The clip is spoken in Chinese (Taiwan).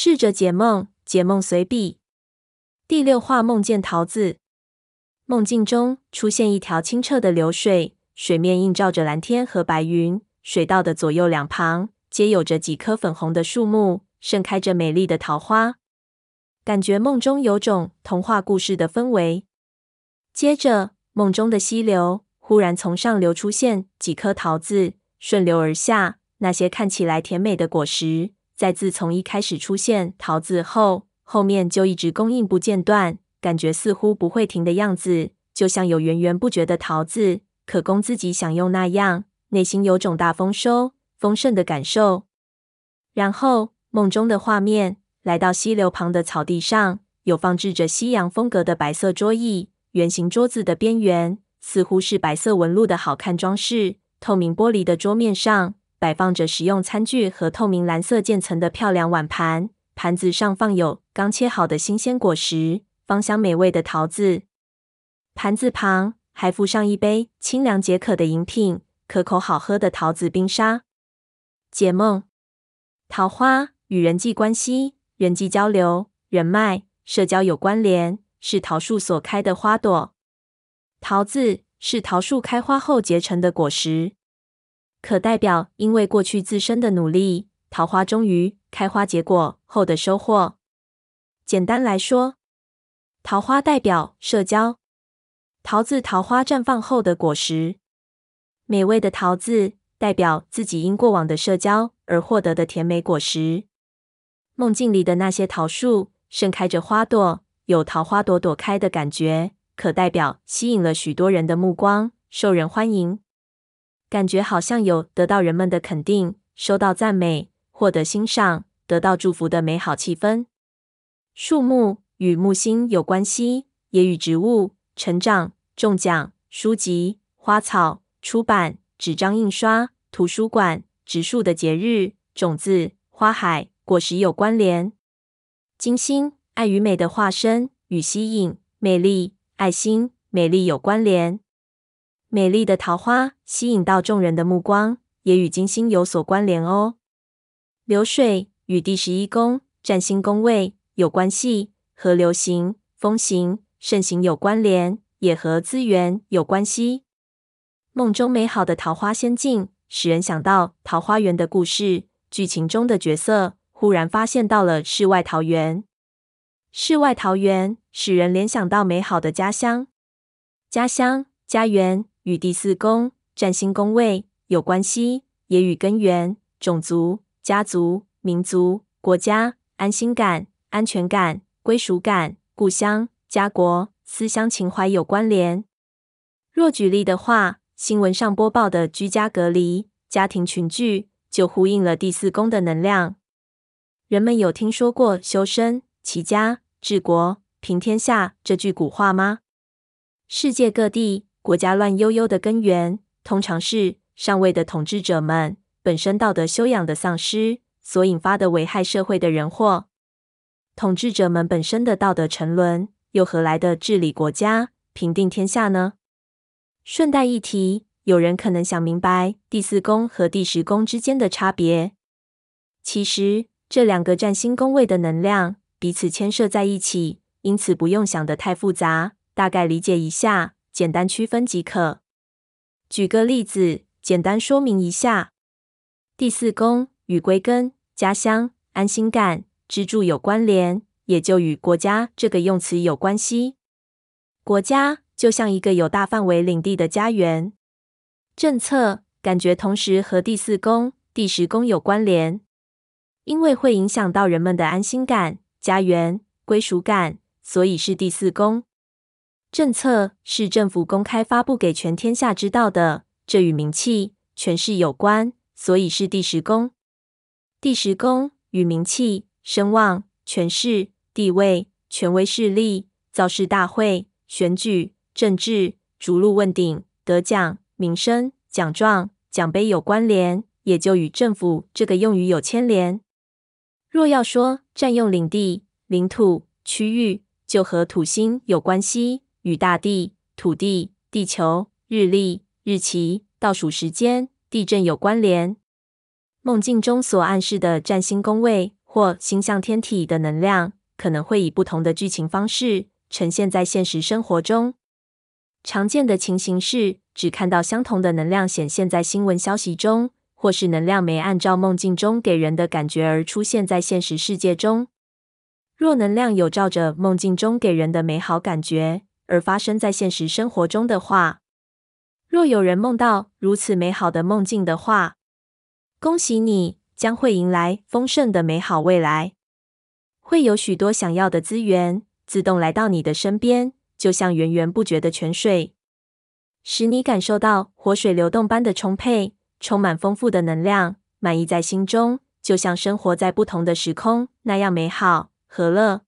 試着解夢，解夢隨筆第六話：夢見桃子。夢境中出現一條清澈的流水，水面映照着藍天和白雲。水道的左右兩旁皆有着幾棵粉紅的樹木，盛開着美麗的桃花。感覺夢中有種童話故事的氛圍。接着，夢中的溪流忽然從上流出現幾顆桃子，順流而下。那些看起來甜美的果實。在自從一開始出現桃子後，後面就一直供應不間斷，感覺似乎不會停的樣子，就像有源源不絕的桃子可供自己享用那樣，內心有種大豐收、豐盛的感受。然後夢中的畫面來到溪流旁的草地上，有放置着西洋風格的白色桌椅，圓形桌子的邊緣似乎是白色紋路的好看裝飾，透明玻璃的桌面上。擺放着食用餐具和透明藍色漸層的漂亮碗盤，盤子上放有剛切好的新鮮果實，芳香美味的桃子。盤子旁還附上一杯清涼解渴的飲品，可口好喝的桃子冰沙。解夢：桃花與人際關係、人際交流、人脈、社交有關聯，是桃樹所開的花朵。桃子是桃樹開花後結成的果實。可代表因為過去自身的努力，桃花終於開花結果後的收穫。簡單來說，桃花代表社交，桃子桃花綻放後的果實，美味的桃子代表自己因過往的社交而獲得的甜美果實。夢境裡的那些桃樹盛開着花朵，有桃花朵朵開的感覺，可代表吸引了許多人的目光，受人歡迎。感覺好像有得到人們的肯定，收到讚美，獲得欣賞，得到祝福的美好氣氛。樹木與木星有關係，也與植物成長、中獎、書籍、花草、出版、紙張印刷、圖書館、植樹的節日、種子、花海、果實有關聯。金星愛與美的化身，與吸引、魅力、愛心、美麗有關聯。美麗的桃花吸引到眾人的目光，也與金星有所關聯哦。流水與第十一宮占星宮位有關係，和流行、風行、盛行有關聯，也和資源有關係。夢中美好的桃花仙境，使人想到桃花源的故事，劇情中的角色忽然發現到了世外桃源，世外桃源使人聯想到美好的家鄉，家鄉、家園。與第四宮占星宮位有關係，也與根源、種族、家族、民族、國家、安心感、安全感、歸屬感、故鄉、家國、思鄉情懷有關聯。若舉例的話，新聞上播報的居家隔離、家庭群聚，就呼應了第四宮的能量。人們有聽說過“修身齊家治國平天下”這句古話嗎？世界各地。國家亂悠悠的根源，通常是上位的統治者們本身道德修養的喪失，所引發的危害社會的人禍。統治者們本身的道德沉淪，又何來的治理國家、平定天下呢？順帶一提，有人可能想明白第四宮和第十宮之間的差別。其實，這兩個占星宮位的能量，彼此牽涉在一起，因此不用想得太複雜，大概理解一下，簡單區分即可。舉個例子，簡單說明一下。第四宮與歸根、家鄉、安心感、支柱有關聯，也就與國家這個用詞有關係。國家就像一個有大範圍領地的家園。政策感覺同時和第四宮、第十宮有關聯，因為會影響到人們的安心感、家園、歸屬感，所以是第四宮。政策是政府公開發布給全天下知道的，這與名氣、權勢有關，所以是第十宮。第十宮與名氣、聲望、權勢、地位、權威勢力、造勢大會、選舉、政治、逐鹿問鼎、得獎、名聲、獎狀、獎杯有關聯，也就與政府這個用語有牽連。若要說占用領地、領土、區域，就和土星有關係。與大地、土地、地球、日曆、日期、倒數時間、地震有關聯。夢境中所暗示的占星宮位或星象天體的能量，可能會以不同的劇情方式呈現在現實生活中。常見的情形是，只看到相同的能量顯現在新聞消息中，或是能量沒按照夢境中給人的感覺而出現在現實世界中。若能量有照着夢境中給人的美好感覺，而發生在現實生活中的話，若有人夢到如此美好的夢境的話，恭喜你，將會迎來豐盛的美好未來，會有許多想要的資源自動來到你的身邊，就像源源不絕的泉水，使你感受到活水流動般的充沛，充滿豐富的能量，滿溢在心中，就像生活在不同的時空那樣美好、和樂。